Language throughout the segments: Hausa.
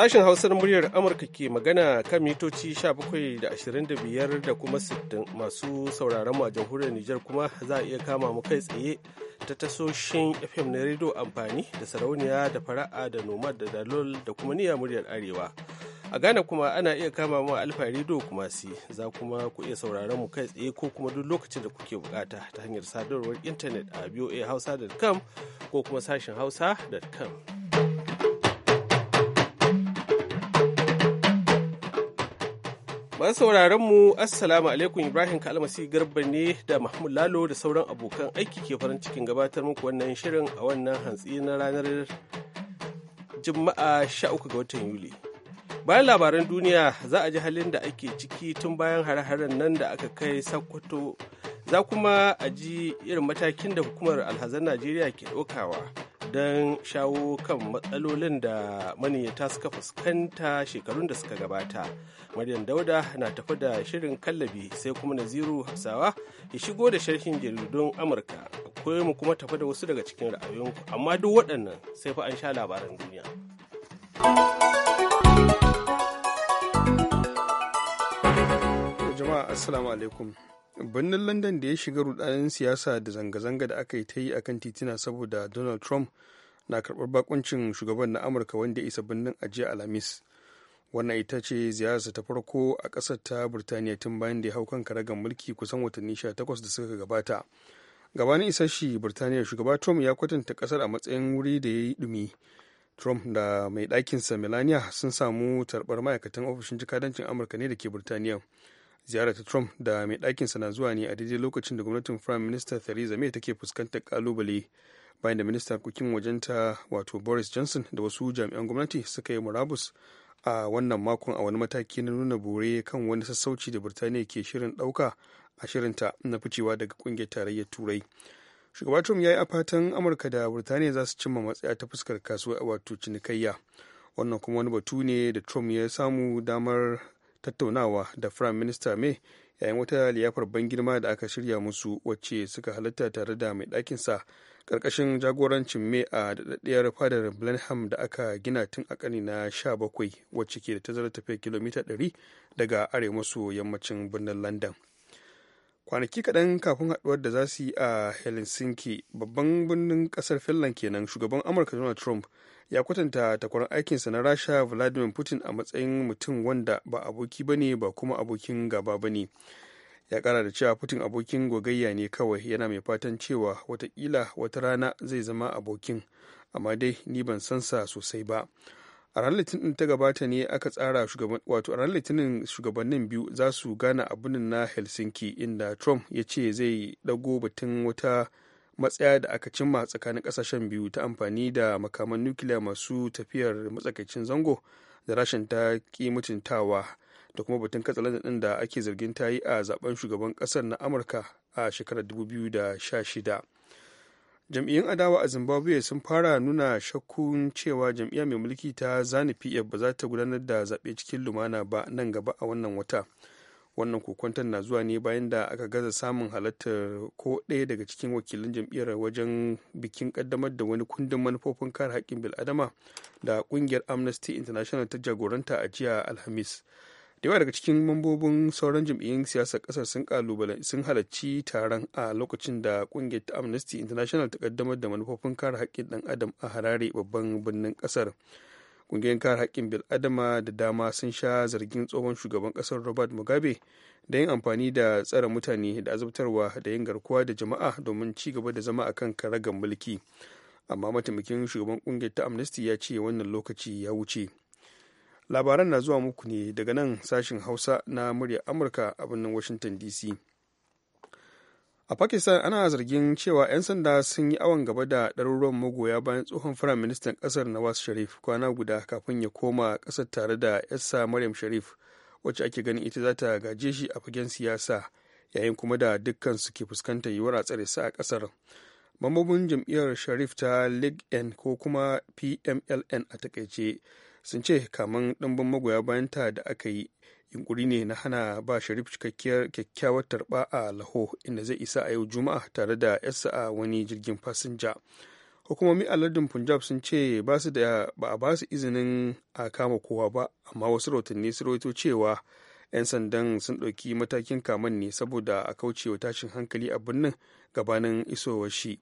Sashen Hausar muryar Amurka ke magana kan mitoci 17 da 25 da kuma 60 masu sauraron mu a jamhuriyar Nijar kuma za a iya kama mu kai tsaye ta tasoshin FM na rediyo amfani da sarauniya da fara'a da nomad da dalol da kuma niyya muryar Arewa. A Ghana kuma ana iya kama mu Alfa rediyo kuma si za kuma ku iya sauraron mu kai tsaye ko kuma duk lokacin da kuke bukata ta hanyar sadarwar intanet a voahausa.com ko kuma sashen hausa.com. Ban sauraron mu Assalamu alaikum Ibrahim Kalmasi Garba ne da Mahmud Lalo da sauran abokan aiki ke farin cikin gabatar muku wannan shirin a wannan hantsi na ranar Juma'a 13 ga watan Yuli. Bayan labaran duniya za a ji halin da ake ciki tun bayan hare-haren nan da aka kai Sokoto za kuma a ji irin matakin da hukumar alhazan Najeriya ke ɗaukawa don shawo kan matsalolin da maniyyata suka fuskanta shekarun da suka gabata maryam dauda na tafi da shirin kallabi sai kuma naziru hafsawa ya shigo da sharhin jaridun amurka akwai mu kuma tafi da wasu daga cikin ra'ayoyinku amma duk waɗannan sai fa an sha labaran duniya jama'a assalamu alaikum birnin london da ya shiga rudanin siyasa da zanga-zanga da aka yi ta yi akan titina saboda donald trump na karbar bakuncin shugaban na amurka wanda ya isa birnin ajiya alhamis wannan ita ce ziyararsa ta farko a ƙasar ta burtaniya tun bayan da ya hau kan karagar mulki kusan watanni 18 da suka gabata gabanin shi birtaniya shugaba trump ya kwatanta kasar a matsayin wuri da ya yi dumi trump da mai dakinsa melania sun samu tarbar ma'aikatan ofishin jikadancin amurka ne da ke birtaniya. ziyarar ta trump da mai ɗakinsa na zuwa ne a daidai lokacin da gwamnatin prime minister theresa may take fuskantar kalubale bayan da minista kukin wajenta wato boris johnson da wasu jami'an gwamnati suka yi murabus a wannan makon a wani mataki na nuna bore kan wani sassauci da birtaniya ke shirin ɗauka a shirinta na ficewa daga ƙungiyar tarayyar turai shugaban trump ya yi a fatan amurka da birtaniya za su cimma matsaya ta fuskar kasuwa wato cinikayya wannan kuma wani batu ne da trump ya samu damar tattaunawa da Prime Minister May yayin wata liyafar ban girma da aka shirya musu wacce suka halatta tare da mai sa ƙarƙashin jagorancin May a daɗaɗɗiyar fadar Blenheim da aka gina tun a kani na 17 wacce ke da tazarar tafiya kilomita 100 daga arewa maso yammacin birnin London. kwanaki kaɗan kafin haɗuwar da za su yi a helsinki babban birnin ƙasar finland kenan shugaban amurka donald trump ya kwatanta takwarar aikinsa na rasha vladimir putin a matsayin mutum wanda ba aboki ba ne ba kuma abokin gaba ba ne ya kara da cewa putin abokin gogayya ne kawai yana mai fatan cewa watakila wata rana zai zama abokin amma dai ni ban san sa sosai ba a ranar litinin ta gabata ne aka tsara wato a ranar litinin shugabannin biyu za su gana a na helsinki inda trump ya ce zai dago batun wata matsaya da aka cimma tsakanin kasashen biyu ta amfani da makaman nukiliya masu tafiyar matsakaicin zango da rashin ta ki mutuntawa da kuma batun katsalandan din da ake zargin ta yi a zaben shugaban kasar na amurka a shekarar 2016 jam'iyyun adawa a zimbabwe sun fara nuna shakkun cewa jam'iyya mai mulki ta zani pf ba za ta gudanar da zaɓe cikin lumana ba nan gaba a wannan wata wannan kokwantar na zuwa ne bayan da aka gaza samun halartar ko ɗaya daga cikin wakilin jam'iyyar wajen bikin ƙaddamar da wani kundin manufofin kare haƙƙin bil'adama da ƙungiyar amnesty international ta jagoranta a jiya alhamis da yawa daga cikin mambobin sauran jam'iyyun siyasar kasar sun kalubale halarci taron a lokacin da kungiyar ta amnesty international ta kaddamar da manufofin kare haƙƙin ɗan adam a harare babban birnin kasar kungiyar kare haƙƙin bil adama da dama sun sha zargin tsohon shugaban kasar robert mugabe da yin amfani da tsare mutane da azabtarwa da yin garkuwa da jama'a domin ci gaba da zama akan karagar mulki amma mataimakin shugaban kungiyar ta amnesty ya ce wannan lokaci ya wuce labaran na zuwa muku ne daga nan sashin hausa na murya amurka a birnin washington dc a pakistan ana zargin cewa 'yan sanda sun yi awon gaba da ɗaruruwan magoya bayan tsohon ministan ƙasar nawaz sharif kwana guda kafin ya koma ƙasar tare da yassa maryam sharif wacce ake ganin ita za ta gaje shi a fagen siyasa yayin kuma da dukkan su ke fuskantar yiwuwar a tsare su a ƙasar mambobin jam'iyyar sharif ta league n ko kuma pmln a takaice sun ce kamar ɗanban magoya bayanta da aka yi yunkuri ne na hana ba sharif cikakkiyar kyakkyawar tarba a laho inda zai isa a yau juma'a tare da yarsa a wani jirgin fasinja hukumomi a lardin punjab sun ce ba su da ba a ba su izinin a kama kowa ba amma wasu rahotanni su rawaito cewa 'yan sandan sun ɗauki matakin kaman ne saboda a kaucewa tashin hankali a birnin gabanin isowar shi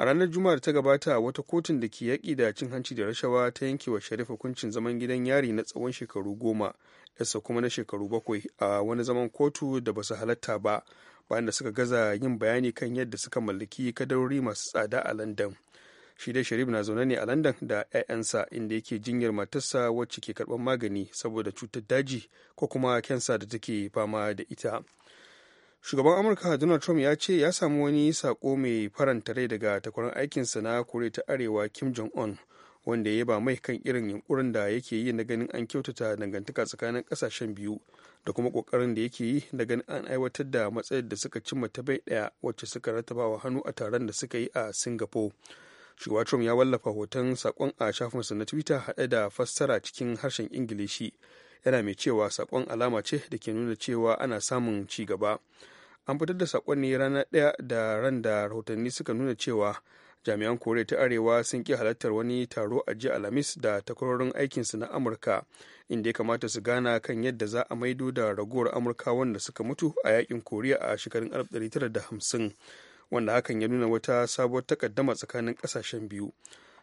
a ranar juma'ar ta gabata wata kotun da ke yaƙi da cin hanci da rashawa ta yanke wa sharif hukuncin zaman gidan yari na tsawon shekaru goma yasa kuma na shekaru bakwai a wani zaman kotu da basu su halatta ba bayan da suka gaza yin bayani kan yadda suka mallaki kadarori masu tsada a london shi dai sharif na zaune ne a london da 'ya'yansa inda yake jinyar matarsa wacce ke karɓar magani saboda cutar daji ko kuma kensa da take fama da ita shugaban amurka donald trump ya ce ya samu wani sako mai faranta rai daga takwarar aikinsa na kore ta arewa kim jong-un wanda ya ba mai kan irin yunkurin da yake yi na ganin an kyautata dangantaka tsakanin kasashen biyu da kuma kokarin da yake yi na ganin an aiwatar da matsayar da suka cimma ta bai daya wacce suka ratabawa hannu a taron da suka yi a singapore shugaban trump ya wallafa hoton sakon a shafinsa na twitter haɗe da fassara cikin harshen ingilishi yana mai cewa sakon alama ce da ke nuna cewa ana samun ci gaba an fitar da sakon ne ranar ɗaya da ran da rahotanni suka nuna cewa jami'an koriya ta arewa sun ki halartar wani taro a jiya alhamis da takwarorin aikinsu na amurka inda ya kamata su gana kan yadda za a maido da ragowar amurka wanda suka mutu a yakin koriya a shekarun 1950 wanda hakan ya nuna wata sabuwar takaddama tsakanin kasashen biyu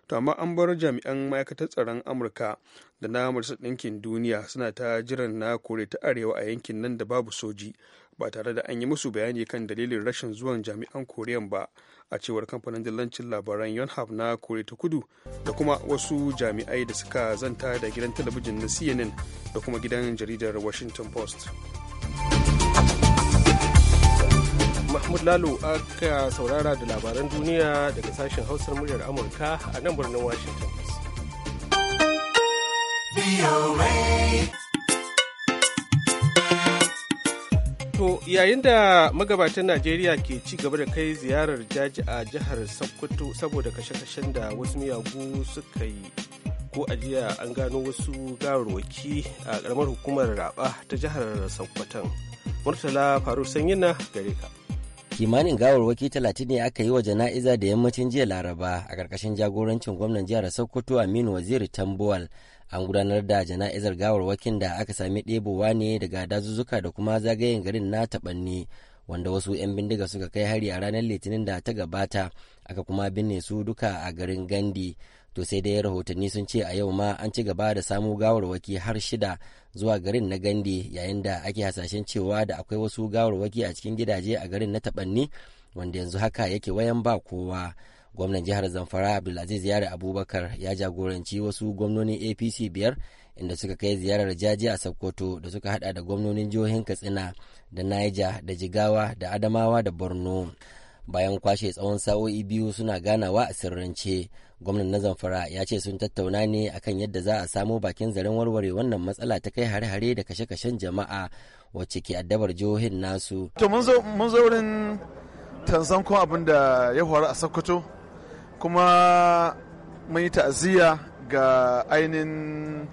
to amma an bar jami'an ma'aikatar tsaron amurka da na majalisar ɗinkin duniya suna ta jiran na kore ta arewa a yankin nan da babu soji ba tare da an yi musu bayani kan dalilin rashin zuwan jami'an koriyan ba a cewar kamfanin dillancin labaran yonhap na kore ta kudu da kuma wasu jami'ai da suka zanta da gidan talabijin na cnn da kuma gidan jaridar washington post Mahmud Lalo aka saurara da labaran duniya daga sashen hausar muryar Amurka a nan birnin Washington To yayin da magabatan Najeriya ke ci gaba da kai ziyarar jaji a jihar Sokoto saboda kashe-kashen da wasu miyagu suka yi ko ajiya an gano wasu gawarwaki a ƙaramar hukumar raba ta jihar Sokoton. Murtala faru na gare ka. kimanin gawarwaki talatin ne aka yi wa jana'iza da yammacin jiya laraba a ƙarƙashin jagorancin gwamnan jihar sokoto aminu waziri tambuwal an gudanar da jana'izar gawarwakin da aka sami ɗebowa ne daga dazuzzuka da kuma zagayen garin na taɓanni wanda wasu 'yan bindiga suka kai hari a ranar litinin da ta gabata aka kuma binne su duka a garin gandi to sai dai rahotanni sun ce a yau ma an ci gaba da samu gawarwaki har shida zuwa garin na gande yayin da ake hasashen cewa da akwai wasu gawarwaki a cikin gidaje a garin na taɓanni wanda yanzu haka yake wayan ba kowa gwamnan jihar zamfara abdulaziz yare abubakar ya jagoranci wasu gwamnonin apc biyar inda suka kai ziyarar jaji a sokoto da suka hada da gwamnonin jihohin katsina da niger da jigawa da adamawa da borno bayan kwashe tsawon sa'o'i biyu suna ganawa a sirrance gwamnan na zamfara ya ce sun tattauna ne akan yadda za a samo bakin zaren warware wannan matsala ta kai hare-hare da kashe-kashen jama'a wacce ke addabar jihohin nasu to mun zo wurin tanzan kuma abin da ya faru a sokoto kuma mun yi ta'aziyya ga ainihin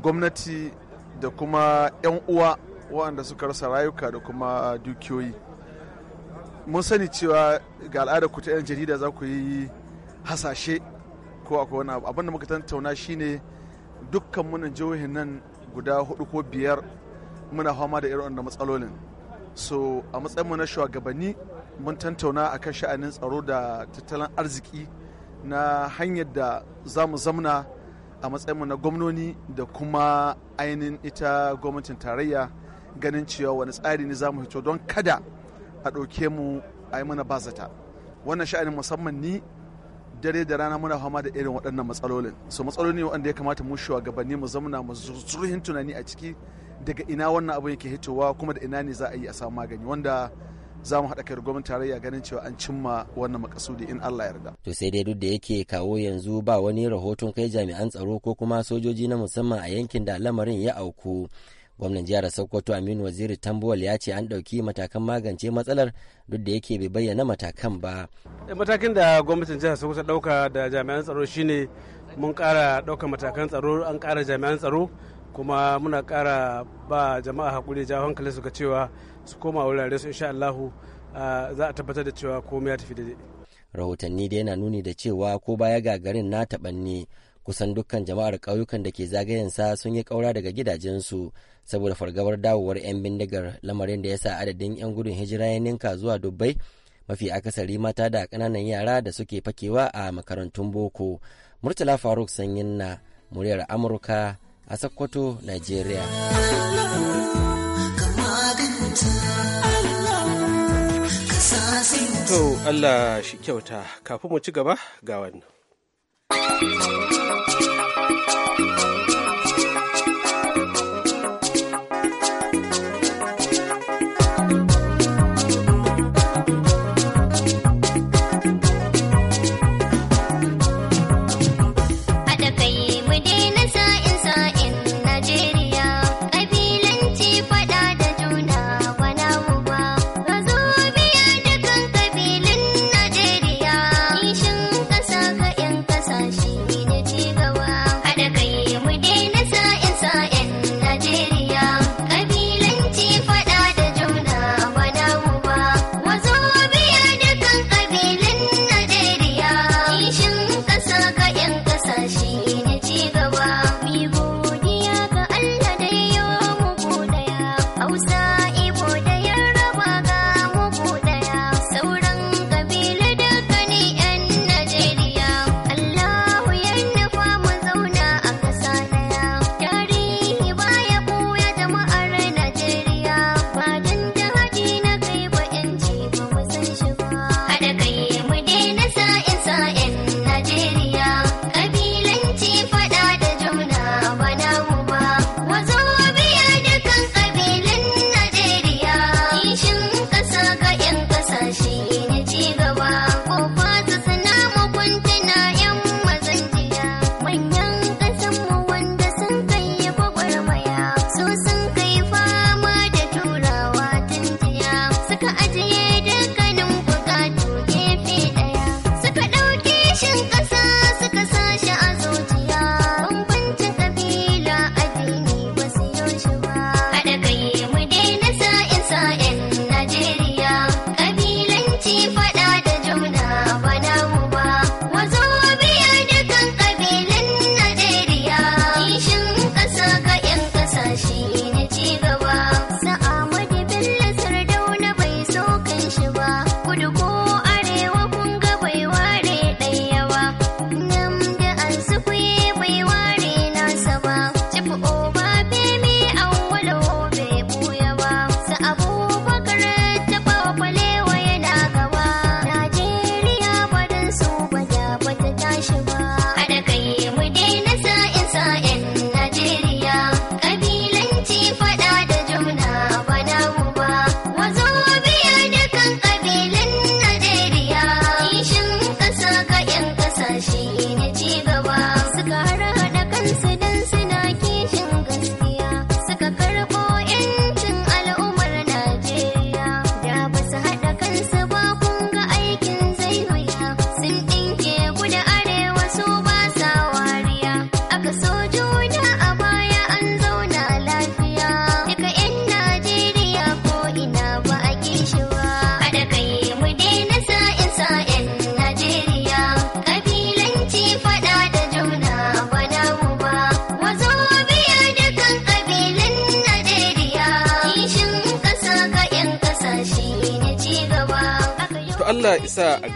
gwamnati da kuma 'yan uwa waɗanda suka rasa rayuka da kuma dukiyoyi mun sani cewa ga al'ada ku ta 'yan jarida za ku yi hasashe ko akwai wani abu abin da muka tattauna shine dukkan muna jihohin nan guda hudu ko biyar muna fama da irin wannan matsalolin so a matsayin mu na shugabanni mun tantauna akan sha'anin tsaro da tattalin arziki na hanyar da za mu zamna a matsayin mu na gwamnoni da kuma ainihin ita gwamnatin tarayya ganin cewa wani tsari ne za mu fito don kada a ɗauke mu a yi mana bazata wannan sha'anin musamman ni dare da rana muna fama da irin waɗannan matsalolin su matsaloli waɗanda ya kamata mu gabanni mu zamana mu zurhin tunani a ciki daga ina wannan abu yake hitowa kuma da ina ne za a yi a samu magani wanda za mu haɗa kai da tarayya ganin cewa an cimma wannan makasudi in Allah yarda. To sai dai duk da yake kawo yanzu ba wani rahoton kai jami'an tsaro ko kuma sojoji na musamman a yankin da lamarin ya auku. gwamnan jihar sokoto aminu waziri tambuwal ya ce an ɗauki matakan magance matsalar duk da yake bai bayyana matakan ba eh, matakin da gwamnatin jihar sokoto ɗauka da jami'an tsaro shine mun ƙara ɗaukar matakan tsaro an ƙara jami'an tsaro kuma muna ƙara ba jama'a hakuri jawo hankali suka cewa su koma wurare su insha Allahu za a tabbatar da cewa komai ya tafi daidai rahotanni dai na nuni da cewa ko baya ga garin na taɓanne kusan dukkan jama'ar ƙauyukan da ke sa sun yi ƙaura daga gidajensu saboda fargabar dawowar 'yan bindigar lamarin da ya sa adadin 'yan gudun hijira ya ninka zuwa dubbai mafi akasari mata da ƙananan yara da suke fakewa a makarantun boko murtala faruk sanyin na muryar amurka a sokoto nigeria To Allah shi kyauta kafin mu ci gaba ga wannan.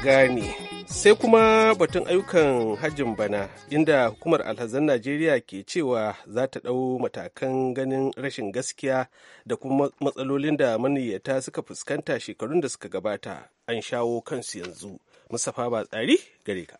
gane sai kuma batun ayyukan hajjin bana inda hukumar alhazan najeriya ke cewa za ta ɗau matakan ganin rashin gaskiya da kuma matsalolin da maniyyata suka fuskanta shekarun da suka gabata an shawo kansu yanzu mustapha ba tsari gare ka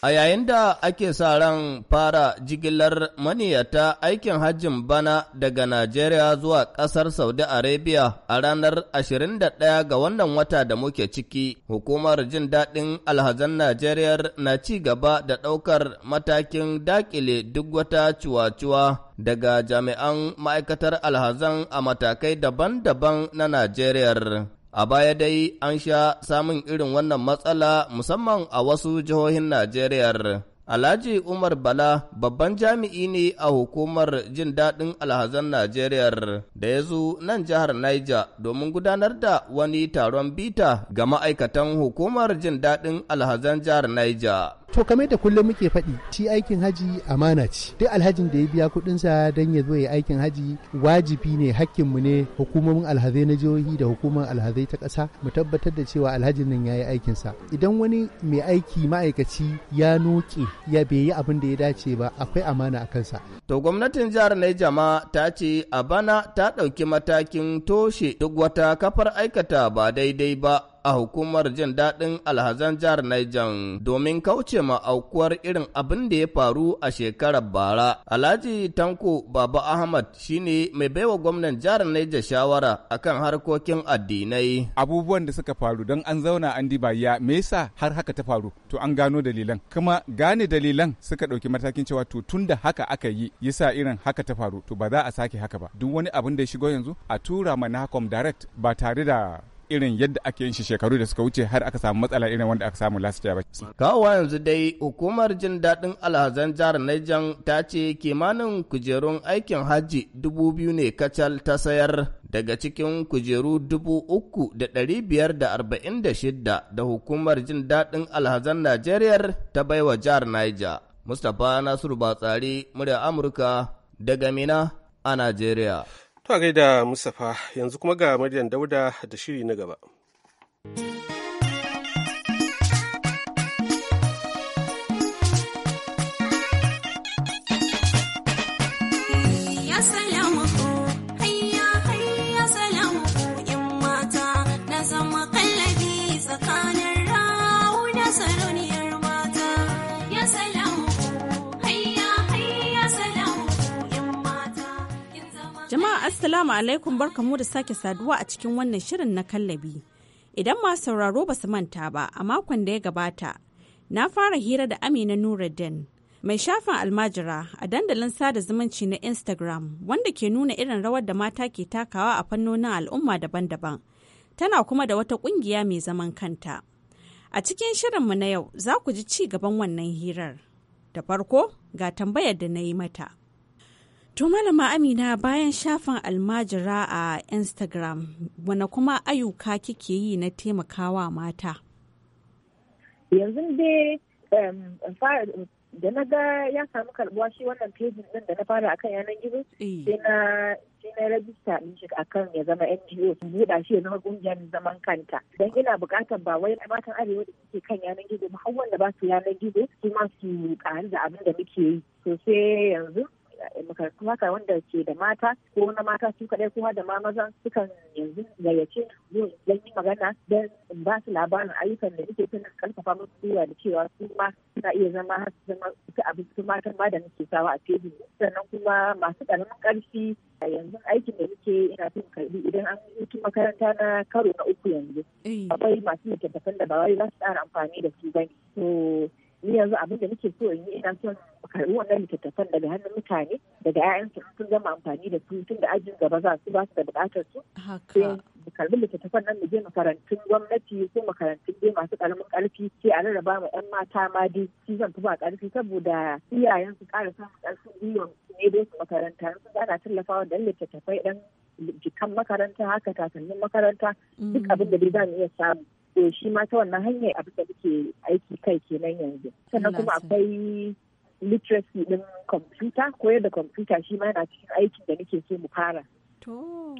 A yayin da ake sa ran fara jigilar maniyata aikin hajjin bana daga Najeriya zuwa ƙasar Saudi Arabia a ranar 21 ga wannan wata da muke ciki, hukumar jin daɗin alhazan Najeriya na ci gaba da ɗaukar matakin daƙile duk wata ciwa-ciwa daga jami'an ma'aikatar alhazan a matakai daban-daban na Najeriya. A baya dai an sha samun irin wannan matsala musamman a wasu jihohin Najeriya. Alhaji Umar Bala babban jami'i ne a hukumar jin daɗin alhazan Najeriya da ya zo nan jihar Niger domin gudanar da wani taron bita ga ma'aikatan hukumar jin daɗin alhazan jihar Niger. to kamar da kullum muke faɗi shi aikin haji amana ce duk alhajin da ya biya kuɗinsa don ya zo ya aikin haji wajibi ne mu ne hukumomin alhazai na jihohi da hukumar alhazai ta ƙasa mu tabbatar da cewa alhajin nan ya yi aikinsa idan wani mai aiki ma'aikaci ya noke ya bai yi abin da ya dace ba akwai amana a kansa. to gwamnatin jihar ma ta ce a bana ta ɗauki matakin toshe duk wata kafar aikata ba daidai ba a hukumar jin daɗin alhazan jihar Niger domin kauce ma aukuwar irin abin da ya faru a shekarar bara. Alhaji Tanko Baba Ahmad shine mai baiwa gwamnan jihar Niger shawara akan harkokin addinai. Abubuwan da suka faru don an zauna an dibaya me yasa har haka ta faru to an gano dalilan kuma gane dalilan suka ɗauki matakin cewa to tun da haka aka yi yasa irin haka ta faru to ba za a sake haka ba duk wani abin da ya shigo yanzu a tura ma nahcom direct ba tare da irin yadda ake yin shi shekaru da suka wuce har aka samu matsala irin wanda aka samu last year ba. Kawowa yanzu dai hukumar jin daɗin alhazan jihar Niger ta ce kimanin kujerun aikin hajji dubu biyu ne kacal ta sayar daga cikin kujeru dubu uku da ɗari biyar da arba'in da shidda da hukumar jin daɗin alhazan Najeriya ta baiwa jihar Niger. Mustapha Nasiru Batsari, murya Amurka daga Mina a Najeriya. To a gaida Mustapha yanzu kuma ga Maryam Dauda da shiri na gaba. Jama'a Assalamu alaikum barkamu da sake saduwa a cikin wannan shirin na kallabi. Idan ma sauraro ba su manta ba a makon da ya gabata, na fara hira da Amina Nuruddin, mai shafin almajira a dandalin sada zumunci na Instagram wanda ke nuna irin rawar da mata ke takawa a fannonin al'umma daban-daban. Tana kuma da wata ƙungiya mai zaman kanta. A cikin shirin mu na yau za ku ji ci gaban wannan hirar. Da farko ga tambayar da na yi mata. To malama Amina bayan shafin almajira a Instagram wane kuma ayyuka kike yi na taimakawa mata? Yanzu dai da na ga ya samu karbuwa shi wannan pejin din da na fara akan yanar gizo eh. sai na rajista din shi akan ya zama NGO su buɗa shi ya zama kungiyar zaman kanta dan ina buƙatar ba wai matan arewa da suke kan yanar gizo ba har wanda ba su yanar gizo su ma su ƙari da abin da muke yi sosai yanzu makarantu haka wanda ke da mata ko na mata su kaɗai kuma da ma mazan sukan yanzu gayyace don yi magana don in ba su labarin ayyukan da suke suna karfafa musu gwiwa da cewa su ma suna iya zama har su zama su abin su matan ma da nake sawa a tebur. sannan kuma masu ƙaramin ƙarfi yanzu aikin da muke ina son karbi idan an yi makaranta na karo na uku yanzu eh. akwai masu littattafan da ba wai za su ƙara amfani da su bane ni yanzu abin da nake so in yi ina son karɓi wannan littattafan daga hannun mutane daga 'ya'yansu sun zama amfani da su tun da ajin gaba za su ba su da buƙatar su sai karbi littattafan nan mu je makarantun gwamnati ko makarantun dai masu karamin karfi sai a rarraba ma 'yan mata ma dai shi zan fi ba karfi saboda iyayen su ƙara samun karfin su ne dai su makaranta su ana tallafawa dan littattafai dan jikan makaranta haka takalmin makaranta duk mm. abin da dai za mu iya samu to eh, shi ma ta wannan hanyar abin da muke aiki kai kenan yanzu sannan kuma akwai literacy din computer koyar da kwamfuta shi ma yana cikin aiki da nake so mu fara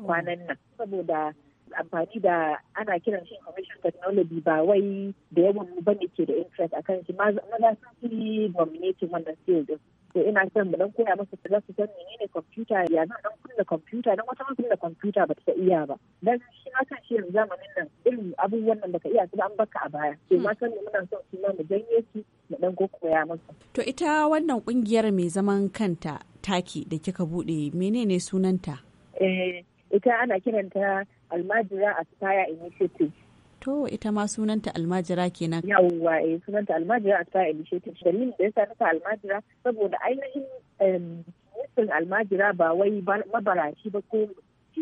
kwanan nan saboda amfani da ana kiran shi information technology ba wai da yawan mu bane ke da interest akan shi maza sun fi dominating wannan field to ina son mu dan koya masa su za su san menene kwamfuta ya zan dan kunna kwamfuta dan wata kunna kwamfuta ba ta iya ba dan shi ma kan shi yanzu zamanin nan irin abubuwan nan baka iya su an baka a baya to hmm. ma san muna son su ma mu janye su mu dan koya masa to ita wannan kungiyar mai zaman kanta taki da kika bude menene sunanta eh ita ana kiranta almajira a aspire initiative to ita ma sunanta almajira kenan yawwa eh sunanta almajira a ta initiative dalilin da yasa ta almajira saboda ainihin mutum almajira ba wai mabarashi ba ko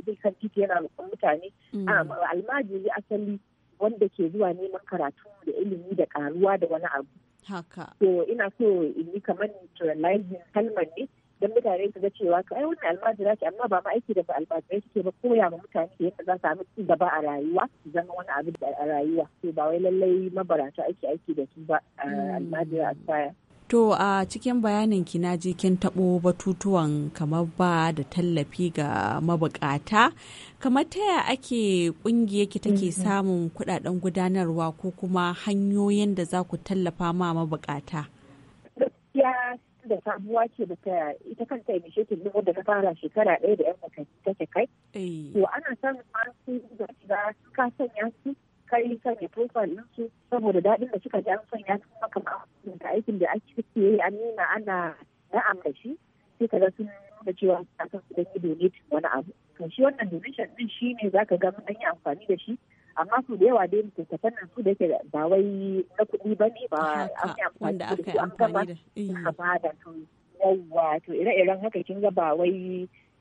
zai kan titi yana roƙon mutane mm. almajiri asali wanda ke zuwa neman karatu da ilimi da karuwa da wani abu haka to ina so in yi kamar neutralizing kalmar ne don mutane su ga cewa ka ai wannan almajira ce amma ba ma aiki da almajirai suke ba koya ma mutane yadda za su samu ci gaba a rayuwa su zama wani abu a rayuwa to ba wai lallai mabarata ake aiki da su ba hmm. almajira a To a cikin bayanin ki na je kin taɓo batutuwan kamar ba da tallafi ga mabukata. Kamar ta yaya ake ƙungiyarki take mm-hmm. samun kuɗaɗen gudanarwa ko kuma hanyoyin da za ku tallafa ma mabukata? da sabuwa ce da ta ita kanta initiative din wanda ta fara shekara ɗaya da yan ta take kai. Eh. To ana samun masu da shiga su ka sanya su kai sanya profile din su saboda daɗin da suka ji an sanya su maka da aikin da ake yi an nuna ana na'am da shi sai ka ga sun da cewa sun san su da ke donate wani abu. To shi wannan donation ɗin shi ne za ka ga mun yi amfani da shi amma su da yawa dai littattafan nan su da yake ba wai na kuɗi ba ne ba an yi amfani da su an gaba eh. ba da su yawa to ire-iren haka kin ga ba wai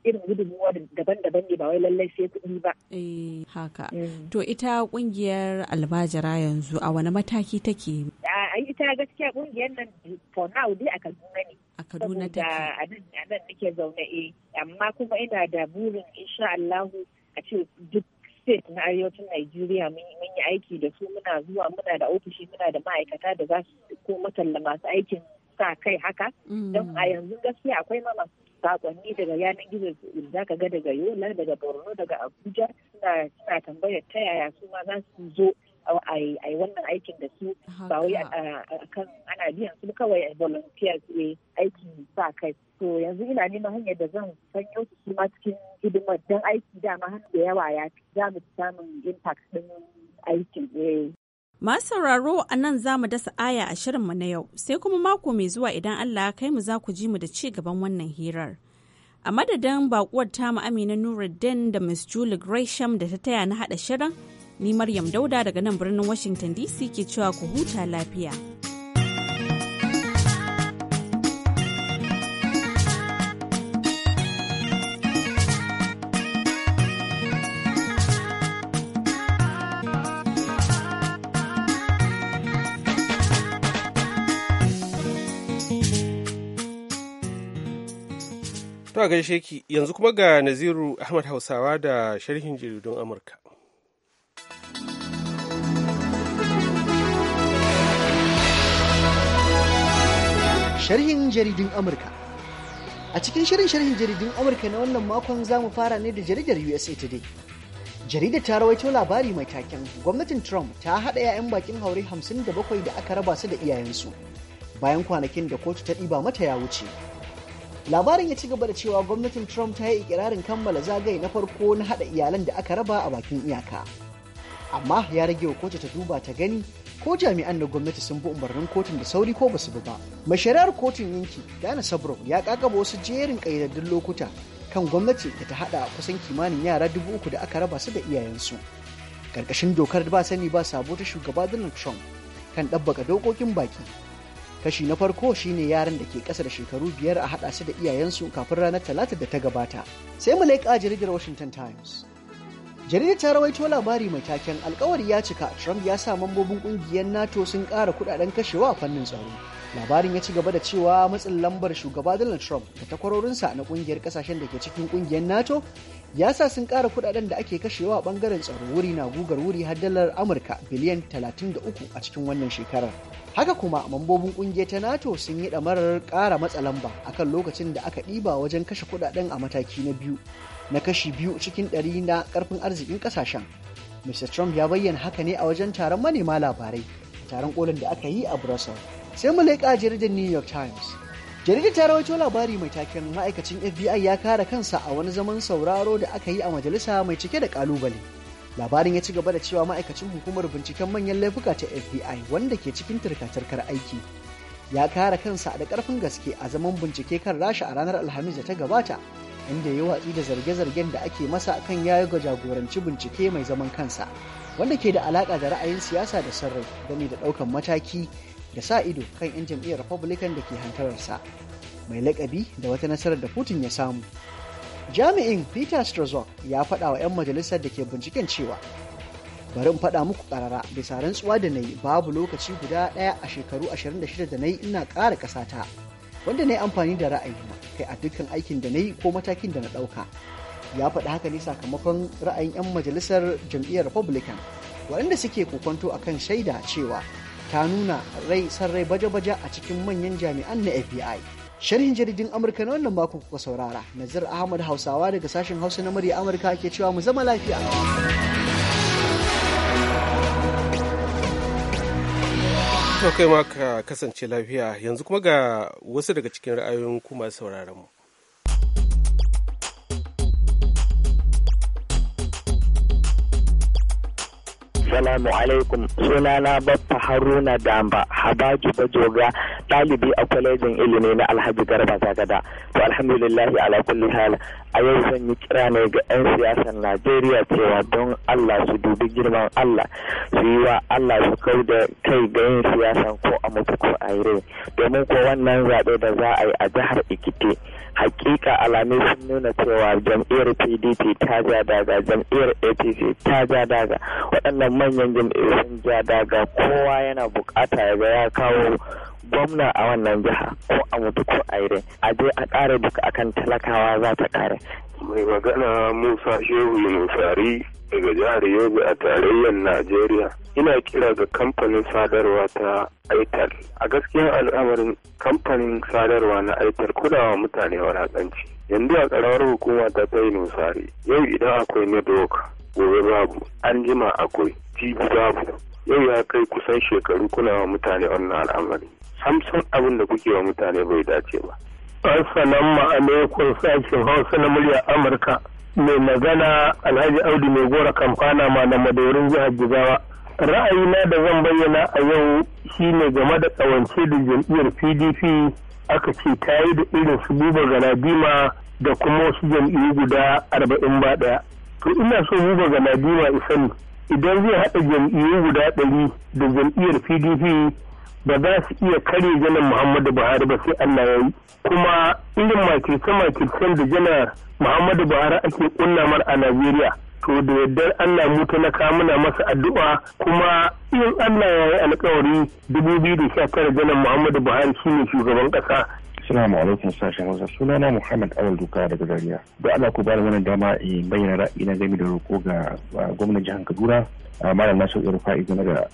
irin gudunmuwa daban-daban ne ba wai lallai sai kuɗi ba. Eh haka. Mm. To ita ƙungiyar albajira yanzu a wani mataki take? A ita gaskiya ƙungiyar nan for now dai a Kaduna ne. A Kaduna take. A nan nake zaune eh amma kuma ina da burin insha Allahu a ce duk state na arewacin Najeriya mun yi aiki da su muna zuwa muna da ofishi muna da ma'aikata da za su ko matalla masu aikin sa kai haka. Mm. Don a yanzu gaskiya akwai ma masu sakonni daga yanar gizo za ka ga daga Yola daga Borno daga Abuja suna tambayar ta yaya su ma za su zo a wannan aikin da su ba wai kan ana biyan su kawai volunteers ne aikin sa kai to yanzu ina neman hanyar da zan sanyo su su ma cikin hidimar don aiki dama hannu da yawa ya fi za mu samun impact din aikin eh. Masu sauraro a nan za mu dasa aya a shirin mu na yau sai kuma mako mai zuwa idan Allah ya kai mu za ku ji mu da ci gaban wannan hirar. a madadin bakuwar tamu amina nuruddin da miss julie gresham da ta taya na hada shirin Ni Maryam Dauda daga nan birnin Washington DC ke cewa ku huta lafiya. To a gaishe ki yanzu kuma ga Naziru Ahmad Hausawa da sharhin jaridun Amurka. sharhin jaridin Amurka. A cikin shirin sharhin jaridun Amurka na wannan makon za mu fara ne da jaridar USA Today. Jaridar ta rawaito labari mai taken gwamnatin Trump ta haɗa 'ya'yan bakin haure 57 da aka raba su da iyayensu bayan kwanakin da kotu ta ɗiba mata ya wuce. Labarin ya ci gaba da cewa gwamnatin Trump ta yi ikirarin kammala zagaye na farko na haɗa iyalan da aka raba a bakin iyaka. Amma ya rage wa kotu ta duba ta gani ko jami'an da gwamnati sun bi umarnin kotun da sauri ko basu bi ba. Mai shari'ar kotun yanki Dana Sabro ya kakaba wasu jerin ƙayyadaddun lokuta kan gwamnati da ta haɗa a kusan kimanin yara dubu uku da aka raba su da iyayensu. Karkashin dokar ba sani ba sabo ta shugaba Donald Trump kan ɗabbaka dokokin baki. Kashi na farko shine yaran da ke ƙasa da shekaru biyar a haɗa su da iyayensu kafin ranar talata da ta gabata. Sai mu leƙa jaridar Washington Times. jaridar ta rawaito labari mai taken alkawari ya cika trump ya sa mambobin kungiyar nato sun kara kudaden kashewa a fannin tsaro labarin ya ci gaba da cewa matsin lambar shugaba donald trump da takwarorinsa na kungiyar kasashen da ke cikin kungiyar nato ya sa sun kara kudaden da ake kashewa a bangaren tsaro wuri na gugar wuri har dalar amurka biliyan 33 a cikin wannan shekarar haka kuma mambobin kungiyar ta nato sun yi damarar kara matsa lamba akan lokacin da aka ɗiba wajen kashe kudaden a mataki na biyu na kashi biyu cikin ɗari na ƙarfin arzikin ƙasashen. Mr. Trump ya bayyana haka ne a wajen taron manema labarai, a taron kolin da aka yi a Brussels. Sai mu leƙa jaridar New York Times. Jaridar ta rawaito labari mai taken ma'aikacin FBI ya kare kansa a wani zaman sauraro da aka yi a majalisa mai cike da ƙalubale. Labarin ya ci gaba da cewa ma'aikacin hukumar binciken manyan laifuka ta FBI wanda ke cikin turkatarkar aiki. Ya kare kansa da ƙarfin gaske a zaman bincike kan rasha a ranar Alhamis da ta gabata. inda ya watsi da zarge-zargen da ake masa kan ya ga jagoranci bincike mai zaman kansa wanda ke da alaka da ra'ayin siyasa da sarrai game da daukan mataki da sa ido kan 'yan jam'iyyar republican da ke hantararsa mai lakabi da wata nasarar da putin ya samu jami'in peter strzok ya faɗa wa 'yan majalisar da ke binciken cewa bari in faɗa muku ƙarara bisa rantsuwa da na yi babu lokaci guda ɗaya a shekaru 26 da na yi ina ƙara ƙasata. wanda na yi amfani da ra'ayina kai a dukkan aikin da na yi ko matakin da na ɗauka ya faɗi haka ne sakamakon ra'ayin 'yan majalisar jam'iyyar republican waɗanda suke kokonto kan shaida cewa ta nuna rai san rai baje-baje a cikin manyan jami'an na fbi sharhin jaridin amurka na wannan mako kuka saurara nazir ahmad hausawa daga sashen hausa na murya amurka ke cewa mu zama lafiya To kai ma ka kasance lafiya yanzu kuma ga wasu daga cikin ra'ayoyin ku masu sauraron mu. Salamu alaikum sunana Baffa Haruna Damba Habaji Bajoga ɗalibi a kwalejin ilimi na alhaji garba ta zagada to alhamdulillah ala kulli hal a yau zan yi kira ne ga 'yan siyasar najeriya cewa don allah su dubi girman allah su yi wa allah su kau da kai ga yin siyasan ko a mutu ko a yi domin ko wannan zaɓe da za a yi a jihar ikiti hakika alamai sun nuna cewa jam'iyyar pdp ta ja daga jam'iyyar apc ta ja daga waɗannan manyan jam'iyyu sun ja daga kowa yana bukata ya ga ya kawo gwamna a wannan jiha ko a mutu ko a yi a je a ƙara duka akan talakawa za ta ƙare mai magana musa shehu nusari daga jihar Yobe a tarayyar Najeriya. Ina kira ga kamfanin sadarwa ta Aitel. A gaskiyar al'amarin kamfanin sadarwa na Aitel kudawa mutane walakanci. Yanzu a karawar hukuma ta ta nusari. Yau idan akwai network, gobe babu, an jima akwai, jibi babu. Yau ya kai kusan shekaru kuna wa mutane wannan al'amari. Samson abin da kuke wa mutane bai dace ba. Assalamu alaikum sashen Hausa na murya Amurka. mai magana alhaji audu mai gora kamfana ma da wurin jihar jigawa ra'ayina da zan bayyana a yau shine game da tsawance da jam'iyyar pdp aka ce ta yi da irin su buba ganadima da kuma wasu jam'iyyu guda arba'in ba ɗaya to ina so buba ganadima ne idan zai haɗa jam'iyyu guda ɗari da jam'iyyar pdp ba za su iya kare janar muhammadu buhari ba sai allah ya yi kuma irin makirce makircen da janar muhammadu buhari ake kunna mar a najeriya to da yardar allah mu na muna masa addu'a kuma in allah ya yi alkawari 2019 janar muhammadu buhari shine shugaban kasa Assalamu alaikum sashen Hausa sunana Muhammad Awal Duka daga Zaria. Da Allah ku bada wannan dama in bayyana ra'ayi na game da roko ga uh, gwamnan jihar Kaduna uh, Malam Nasiru Irfa'i na ga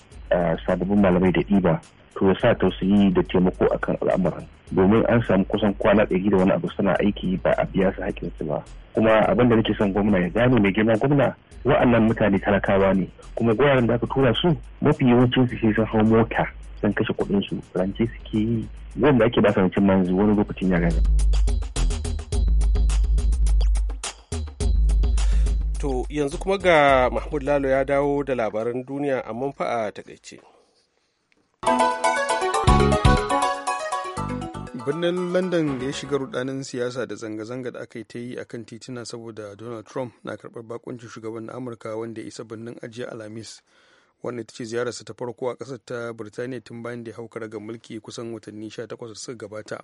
sababbin malamai da ɗiba to ya sa tausayi da taimako akan al'amuran domin an samu kusan kwana ɗari da wani abu suna aiki ba a biya su haƙƙinsu ba kuma abin da nake son gwamna ya gano mai girma gwamna wa'annan mutane talakawa ne kuma guraren da aka tura su mafi yawancin su sun hau mota don kashe kuɗin su rance suke yi wanda ake ba su rancen manzu wani lokacin ya To yanzu kuma ga Mahmud Lalo ya dawo da labaran duniya amma fa a takaice. birnin london da ya shiga rudanin siyasa da zanga-zanga da aka yi ta yi a kan titina saboda donald trump na karbar bakuncin shugaban amurka wanda ya isa birnin ajiya alhamis wanda ita ce ziyararsa ta farko a ƙasar ta birtaniya tun bayan da ya hau ga mulki kusan watanni 18 da suka gabata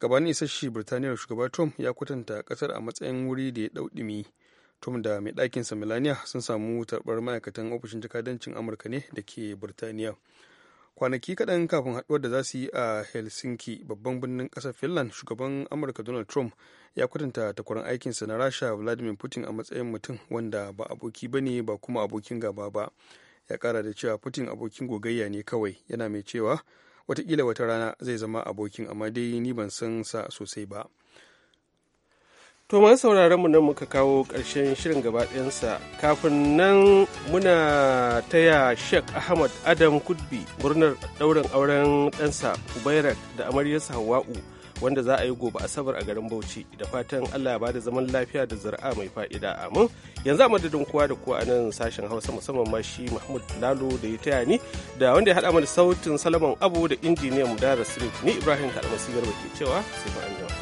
gabanin isasshe birtaniya shugaba trump ya kwatanta kasar a matsayin wuri da ya ɗau ɗumi trump da mai ɗakinsa melania sun samu tarbar ma'aikatan ofishin jakadancin amurka ne da ke birtaniya kwanaki kaɗan kafin haɗuwar da za su yi a helsinki babban birnin ƙasar finland shugaban amurka donald trump ya kwatanta takwaran aikinsa na rasha vladimir putin a matsayin mutum wanda ba aboki ba ne ba kuma abokin gaba ba ya kara da cewa putin abokin gogayya ne kawai yana mai cewa watakila wata rana zai zama abokin amma dai ni ban san sa sosai ba To man sauraron mu nan muka kawo ƙarshen shirin gaba ɗayansa kafin nan muna taya Sheikh Ahmad Adam Kudbi murnar ɗaurin auren ɗansa Ubairak da amaryarsa Hawa'u wanda za a yi gobe Asabar a garin Bauchi da fatan Allah ya bada zaman lafiya da zara'a mai fa'ida amin. Yanzu a madadin kowa da kowa a nan sashen Hausa musamman ma shi Mahmud Lalo da ya taya ni da wanda ya haɗa mana sautin Salaman Abu da injiniyan mu Dara ni Ibrahim Kalmasi Garba ke cewa sai ba an